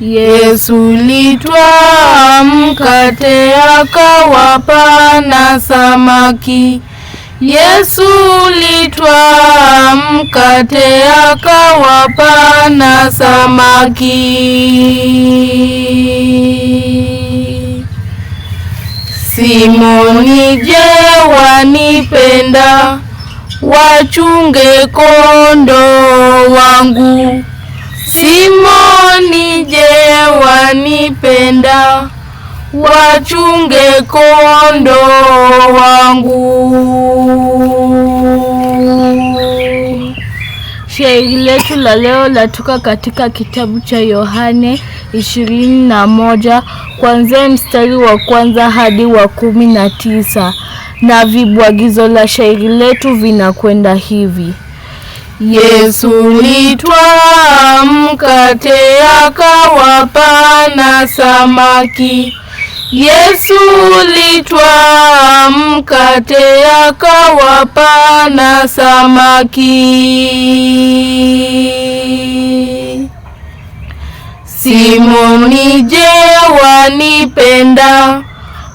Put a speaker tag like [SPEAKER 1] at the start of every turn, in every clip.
[SPEAKER 1] Yesu litwaa mkate akawapa na samaki. Yesu litwa mkate akawapa na samaki. Simoni, je, wanipenda? Wachunge kondoo wangu. Simoni, je, wanipenda? Wachunge kondoo wangu.
[SPEAKER 2] Shairi letu la leo latoka katika kitabu cha Yohane ishirini na moja kuanzia mstari wa kwanza hadi wa kumi na tisa na vibwagizo la shairi letu vinakwenda hivi:
[SPEAKER 1] Yesu litwaa mkate akawapa na samaki. Yesu litwaa mkate akawapa na samaki. Simoni, je, wanipenda?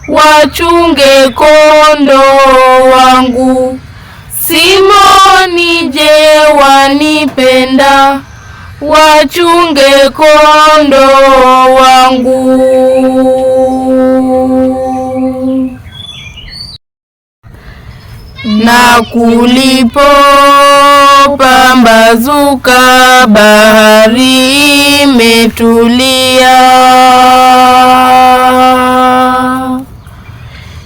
[SPEAKER 1] Wachunge kondoo wangu. Simoni, je, wanipenda? Wachunge kondoo wangu. Na kulipo pambazuka, bahari imetulia.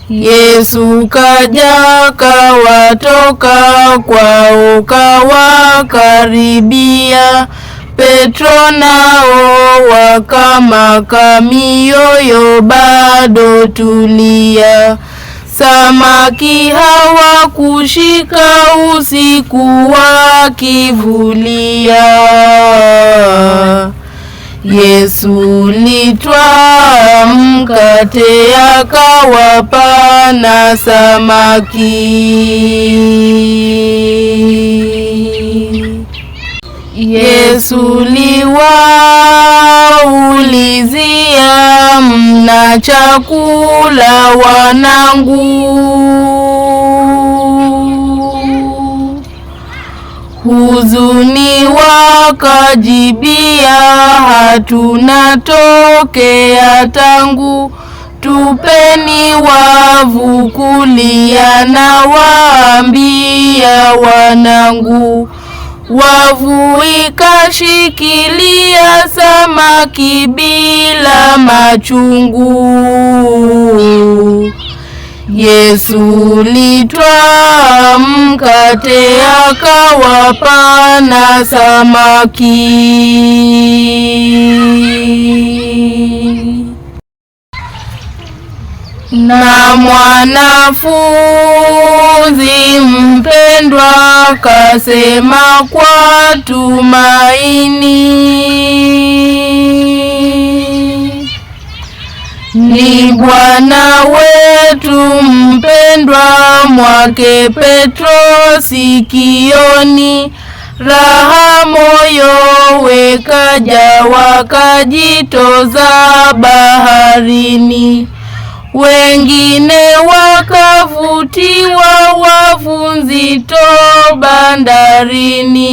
[SPEAKER 1] Yesu kaja kawatoka kwao, kawakaribia. Petro nao wakamaka, mioyo bado tulia. Samaki hawakushika, usiku wakivulia Yesu litwaa mkate akawapa na samaki. Yesu liwaulizia, mna chakula wanangu? huzuni wa Wakajibia, hatuna tokea tangu. Tupeni wavu kulia, na waambia wanangu. Wavu ikashikilia samaki bila machungu. Yesu litwaa mkate akawapa na samaki, na mwanafunzi mpendwa kasema kwa tumaini ni Bwana wetu mpendwa, mwake Petro sikioni, raha moyo wekaja, wakajitoza baharini. Wengine wakavutiwa, wavunzito bandarini.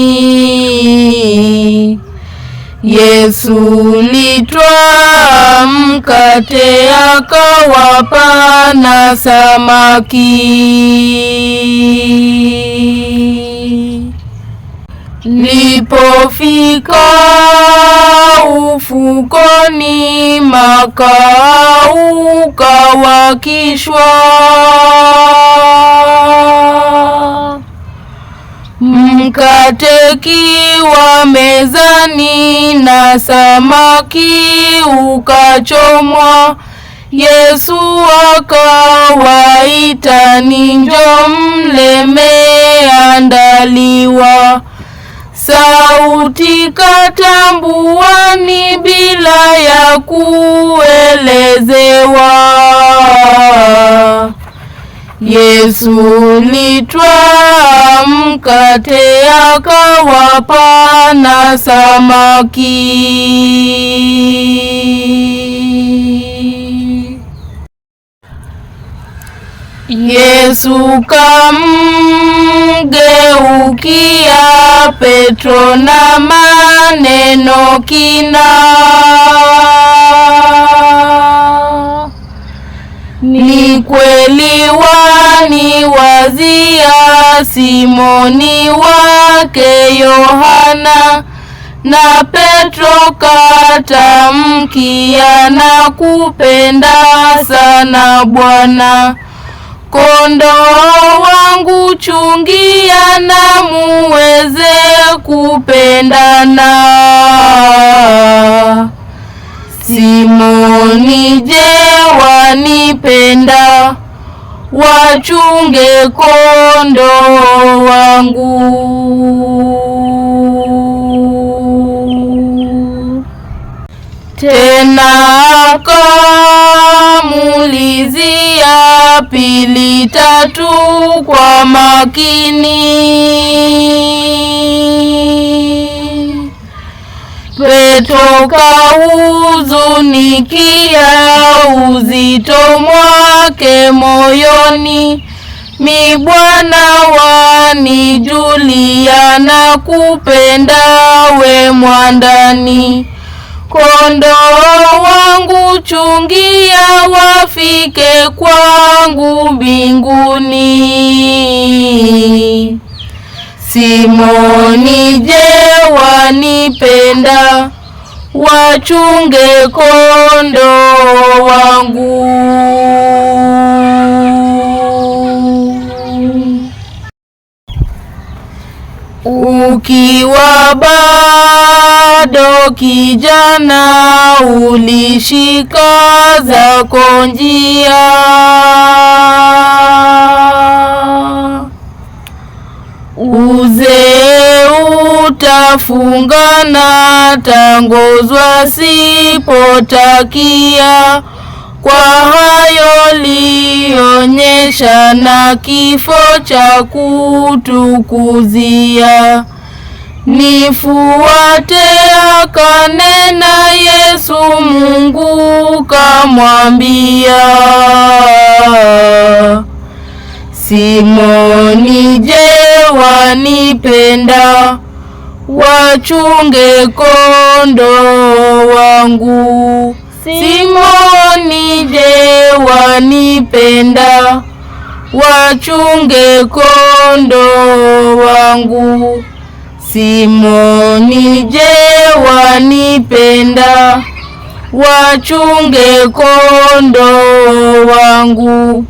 [SPEAKER 1] Tulitwaa mkate akawapa na samaki. Lipofika ufukoni, makaa ukawakishwa Mkate kiwa mezani na samaki ukachomwa, Yesu akawaita, ni njoo mle, mmeandaliwa. Sauti katambuani, bila ya kuelezewa Yesu nitwaa mkate akawapa na samaki. Yesu kamgeukia Petro na maneno kina kweli wani wazia Simoni wake Yohana na Petro katamkia na kupenda sana Bwana. Kondoo wangu chungia, na muweze kupendana. Simoni, je, wanipenda? Wachunge kondoo wangu. Tena akamulizia pili tatu kwa makini. Petro kahuzunikia uzito mwake moyoni, mi Bwana wanijulia na kupenda we mwandani. Kondoo wangu chungia, wafike kwangu mbinguni. Simoni, je, wanipenda? Wachunge kondoo wangu. Ukiwa bado kijana, ulishika zako njia fungana tangozwa sipotakia kwa hayo lionyesha na kifo cha kutukuzia. Nifuate, akanena Yesu. Mungu kamwambia, Simoni, je, wanipenda? wachunge kondo wangu. Simoni, je, wanipenda? Wachunge kondo wangu. Simoni, je, wanipenda? Wachunge kondo wangu.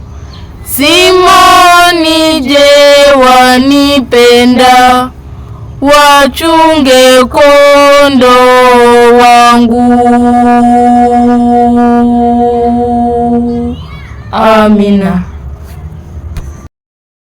[SPEAKER 1] Simoni, je, wanipenda? wachunge kondoo wangu. Amina.